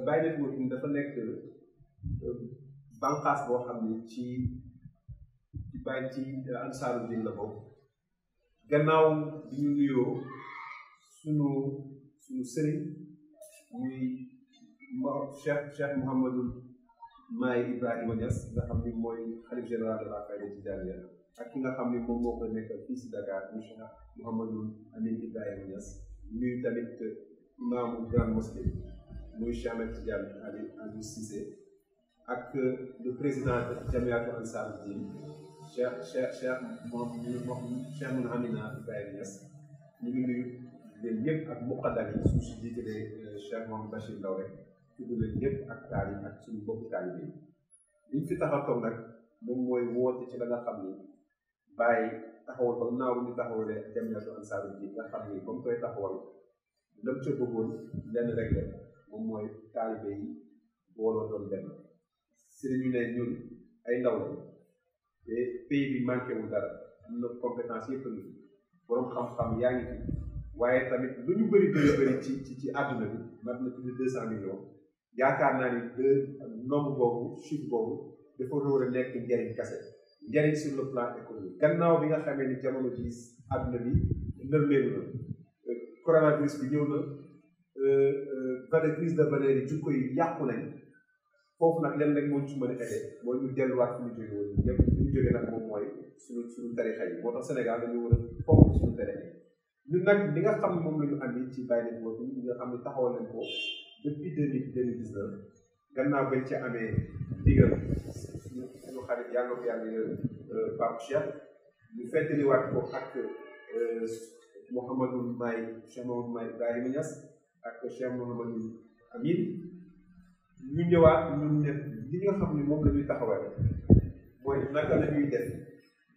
Baye Net Working dafa nekk euh, bànqaas boo xam ne ci ci bàyyi ci ansaaru din la bokk gannaaw bi ñu nuyoo sunu sëriñ muy Cheikh Cheikh Mouhamadul Maay Ibrahima Niass nga xam ni mooy xalif général de la Fayda Tijaaniya ak nga xam ni moom moo ko nekkal fii si Dakar muy Cheikh Mouhamadul Amin Ibrahima Niass nuyu tamit imaamu Grande Mosquée muy Cheikh Ahmed Tidiane Ali Aliou Cissé ak euh, le président Jamiatu Ansar Din Cheikh Cheikh Cheikh moom moom Cheikh Mouhamina Ibrahima Niass ñu ngi nuyu leen ñëpp ak muqaddam yi suñu si jiitalee euh, Cheikh Mohamed Bachir Ndaw rek ak taalib ak suñu bokk taalib yi liñ fi tax a toog nag moom mooy woote ci la nga xam ni bàyyi taxawal ko naaw ñu taxawalee Jamiatu Ansar Din nga xam ni ba mu koy taxawal lam ca bëggoon lenn rek la moom mooy taalibe yi booloo doon benn sëriñ ne ñun ay ndaw lañ te pays bi manqué wu dara am na compétence yëpp ni borom xam-xam yaa ngi fi waaye tamit lu ñu bëri bëri bëri ci ci ci àdduna bi mat na plus de deux cent millions yaakaar naa ni deux nombre boobu chiffre boobu dafa war a nekk njëriñ kase njëriñ sur le plan économique gannaaw bi nga xamee ni jamono ji àdduna bi nërmeelu na coronavirus bi ñëw na Euh, euh, valeurs de valeurs yi jikko yi yàqu nañ foofu nag lenn rek moo ci mën a aidé mooy ñu delluwaat fi ñu jógee nag moom mooy suñu tarixa yi moo tax Sénégal dañu war a fonk suñu tarixa yi ñun nag li nga xam moom la ñu andi ci bàyyi nañ ko ñi nga xam ne taxawal nañ ko depuis deux mille deux mille dix neuf gannaaw ba ci amee digal suñu xarit yàlla ko yàlla euh, Pape Cheikh ñu fettaliwaat ko ak Mouhamadou Maye Cheikh Mamadou Maye Ibrahima ak Cheikh Mouhamadou Amine ñu ñëwaat ñu ne li nga xam ne moom la ñuy taxawal mooy naka la ñuy def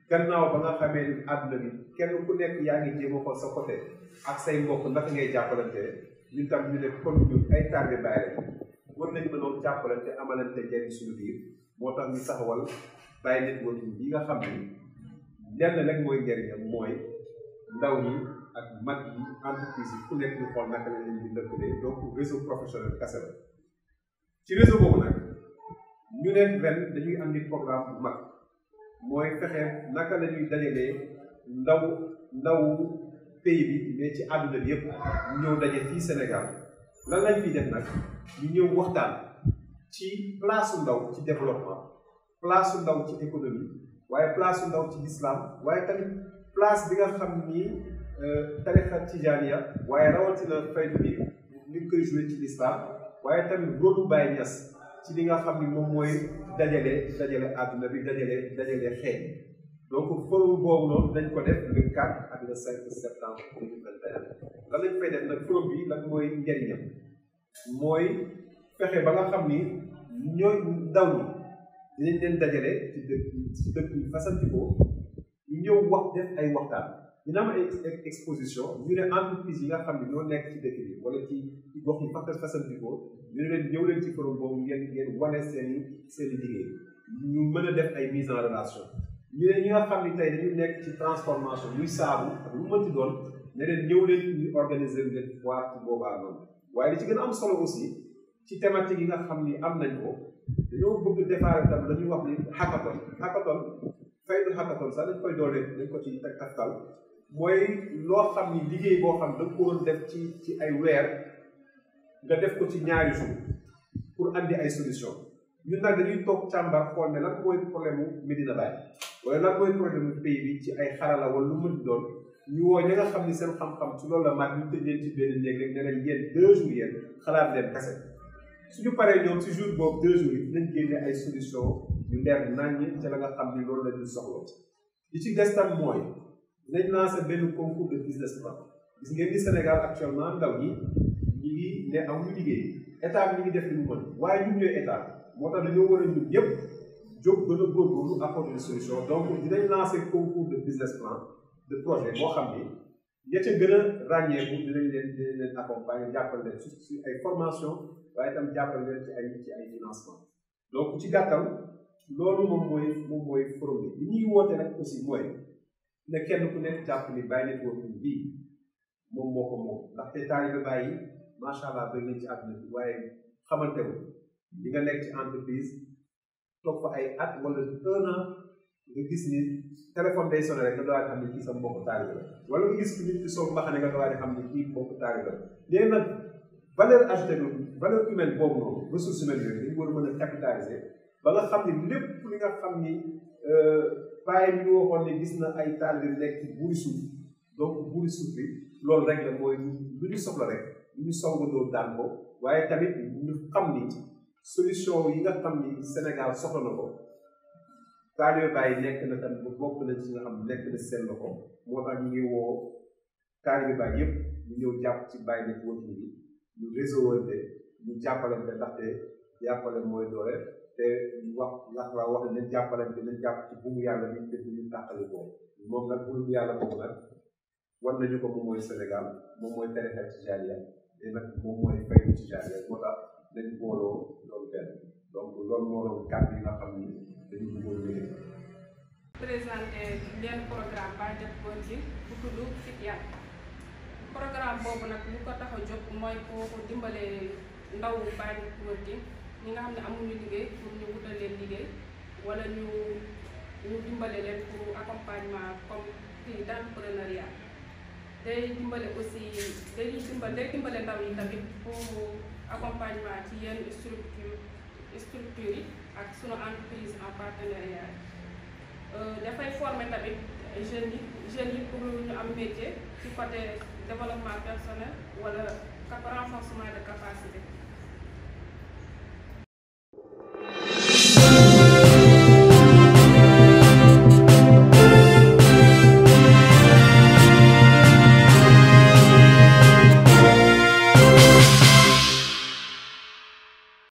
gannaaw ba nga xamee ni àdduna bi kenn ku nekk yaa ngi jéem a xool sa côté ak say mbokk ndax ngay jàppalante ñu tam ñu ne kon ñu ay tànge bàyyi war nañ mënoon jàppalante amalante njëriñ suñu biir moo tax ñu taxawal bàyyi networking bi nga xam ne lenn rek mooy njëriñam mooy ndaw ñi ak mag yi entreprise yi ku nekk ñu xool naka la leen di lëkkalee réseau professionnel kese ci réseau boobu nag ñu ne ren dañuy am di programme bu mag mooy fexe naka la ñuy dajalee ndaw ndawu pays bi ci àdduna bi yëpp ñëw daje fii Sénégal lan lañ fiy def nag ñu ñëw waxtaan ci place su ndaw ci développement place ndaw ci économie waaye place ndaw ci l'islam waaye tamit place bi nga xam ni. Euh, tarixa tijaaniya waaye rawatina faydu bi ñu koy joué ci lislaam waaye tamit loolu Baye Niass ci li nga xam ni moom mooy dajale dajale àdduna bi dajale dajale xeeñ donc forum boobu noonu dañ ko def le 4 ak le 5 septembre 2021 fay def nag forum bi lan mooy njëriñam fexe ba nga xam yi fasantikoo ñu ñëw wax def ay waxtaan dina am ay exposition ñu ne entreprise yi nga xam ne ñoo nekk ci dëkk bi wala ci gox yi fàttali fasantikoo ñu ne leen ñëw leen ci forum boobu ngeen ngeen wane seen i seen i liggéey ñu mën a def ay mise en relation ñu nga xam ni tey dañu nekk ci transformation muy saabu ak lu mënti doon ne leen ñëw leen ñu organiser leen foire ci boobaa noonu waaye li ci gën a am solo aussi ci thématique yi nga xam ni am nañ ko dañoo bëgg déparé tam dañuy wax ni hackathon hackathon faydu hackathon sax koy doole dañ ko ci mooy loo xam ni liggéey boo xam da nga ko doon def ci ci ay weer nga def ko ci ñaari jour pour andi ay solution ñun nag dañuy toog càmbar xool ne lan mooy problème mu Medina Baye wala lan mooy problème mu pays bi ci ay xarala wala lu mën doon ñu woo ña nga xam ni seen xam-xam loolu la maat ñu tëjee ci benn néeg rek ne leen yéen deux jours yéen xalaat leen paree ñoom ci jour boobu deux jours yi dinañ génne ay solution ca la nga xam ni loolu la ñu soxla li ci des mooy. nañ lancé benn concours de business plan gis ngeen ni Sénégal actuellement ndaw ñi ñu ngi ne amuñu liggéey état bi ngi def li mu mën waaye nu ñooy état moo tax dañoo war a ñun ñëpp jóg gën a góorgóorlu apporter une solution donc dinañ lancé concours de business plan de projet boo xam ni ña gën a ràññeeku dinañ leen dinañ jàppal leen ci ci ay formation waaye itam jàppal leen ci ay ci ay financement donc ci gàttal loolu moom mooy moom mooy forum bi ñuy woote rek aussi mooy. na kenn ku nekk jàpp ni bàyyi networking bii moom moo ko moom ndaxte taalibe bàyyi macha allah bëri ci àdduna bi waaye xamante wu li nga nekk ci entreprise toog fa ay at wala un an nga gis ni téléphone day sonné rek nga doon xam ne kii sa mbokku la wala nga gis xam ne kii mbokku taalibe la léegi nag valeur ajoutée bi valeur humaine boobu noonu ressource humaine yooyu dañu war a mën a capitaliser. ba nga xam ni lépp li nga xam ni bàyyi bi ñu waxoon ne gis na ay taalibe nekk ci buuri suuf donc buuri suuf loolu rek la mooy lu ñu soxla rek lu ñu songandoo daan ko waaye tamit ñu xam ni solution yi nga xam ni Sénégal soxla na ko taalibe bàyyi nekk na tamit bu na ci nga xam nekk na seen loxo moo tax ñu ngi woo taalibe bàyyi yëpp ñu ñëw jàpp ci bàyyi nekk wëkk bi ñu réseau wante ñu jàppalante ndaxte jàppale mooy doole te wax ndax waa wax nañ jàppalante nañ jàpp ci buumu yàlla bi te ñu tàqali ko moom nag buumu yàlla boobu nag war nañu ko moom mooy Sénégal moom mooy tarixa tijaaniya te nag moom mooy fayu tijaaniya moo tax nañ booloo loolu benn donc loolu moo doon kàddu yi nga xam ni dañu bëggoon léegi. présenté leen programme ba def bon ci bu tudd Fityat programme boobu nag lu ko tax a jóg mooy koo ko dimbalee ndaw baa ngi ñi nga xam ne amuñu liggéey pour ñu wutal leen liggéey wala ñu ñu dimbale leen pour accompagnement comme ci d'entrepreneuriat day dimbale aussi day dimbale day dimbale ndaw yi tamit pour accompagnement ci yenn structure structure yi ak sunu entreprise en partenariat yi euh, dafay former tamit jeunes yi jeunes yi pour ñu am métier ci côté développement personnel wala renforcement de capacité